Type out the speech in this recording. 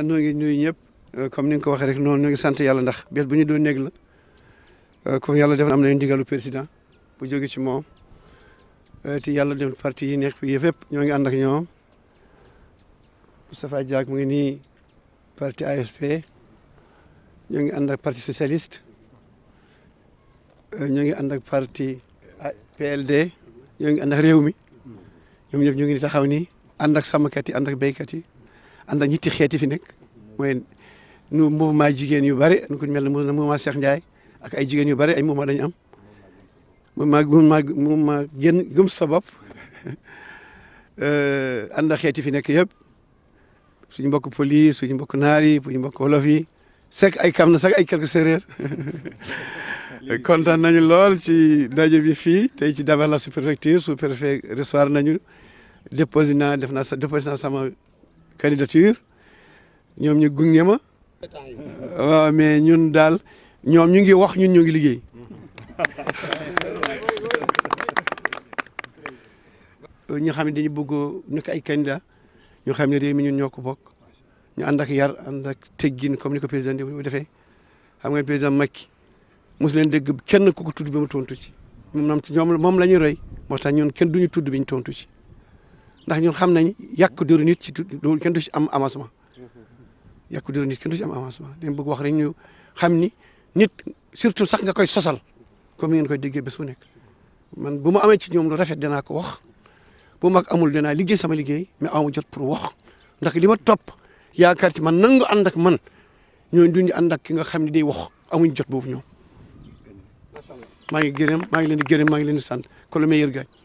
ñu eh, ngi nuyu ñëpp eh, comme ni nga ko waxee rek noonu ñu ngi sant yàlla ndax bés bu ñu doon néeg la comme eh, yàlla def na am nañu ndigalu président bu jóge ci moom te yàlla dem parti yi nekk fii yëpp ñoo ngi ànd ak ñoom Moustapha Diak mu ngi nii parti AFP ñoo ngi ànd ak parti socialiste ñoo ngi ànd ak parti PLD ñoo ngi ànd ak réew mi ñoom ñëpp ñu ngi taxaw nii ànd ak sàmmkat yi ànd ak béykat yi ànd ak ñitti xeeti fi nekk mooy nu mouvement jigéen yu bëri nu ko mel na ne mouvement Cheikh Ndiaye ak ay jigéen yu bëri ay mouvement dañu am mouvement mouvement mouvement gën gëm sa bopp euh, ànd ak xeeti fi nekk yëpp suñu mbokk pël yi suñu mbokk naar yi suñu mbokk wolof yi sek ay kam na sax ay quelque séeréer kontaan nañu lool si daje bi fii tey ci Dabakh la sous-préfecture sous nañu déposé def naa déposé naa sama candidature ñoom ñu gunge waaw mais ñun daal ñoom ñu ngi wax ñun ñu ngi liggéey ñi xam ne dañu bëgg nekk ay candidat ñu xam ne réew mi ñun ñoo ko bokk ñu ànd ak yar ànd ak teggin comme ni ko président di defee xam nga président Macky mosu leen dégg kenn ku ko tudd bi mu tontu ci moom moom la ñuy roy moo tax ñun kenn duñu tudd bi ñu tontu ci ndax ñun xam nañ yàq dëru nit ci loolu kenn du ci am avancement yàq dëru nit kenn du ci am avancement dañ bëgg wax rek ñu xam ni nit surtout sax nga koy sosal comme ngeen koy déggee bés bu nekk man bu ma amee ci ñoom lu rafet danaa ko wax bu mag amul danaa liggéey sama liggéey mais amu jot pour wax ndax li ma topp yaakaar ci man nangu ànd ak man ñooñu duñu ànd ak ki nga xam ne day wax amuñ jot boobu ñoom maa ngi gërëm maa ngi leen di gërëm maa ngi leen di sant ko le meilleur gagne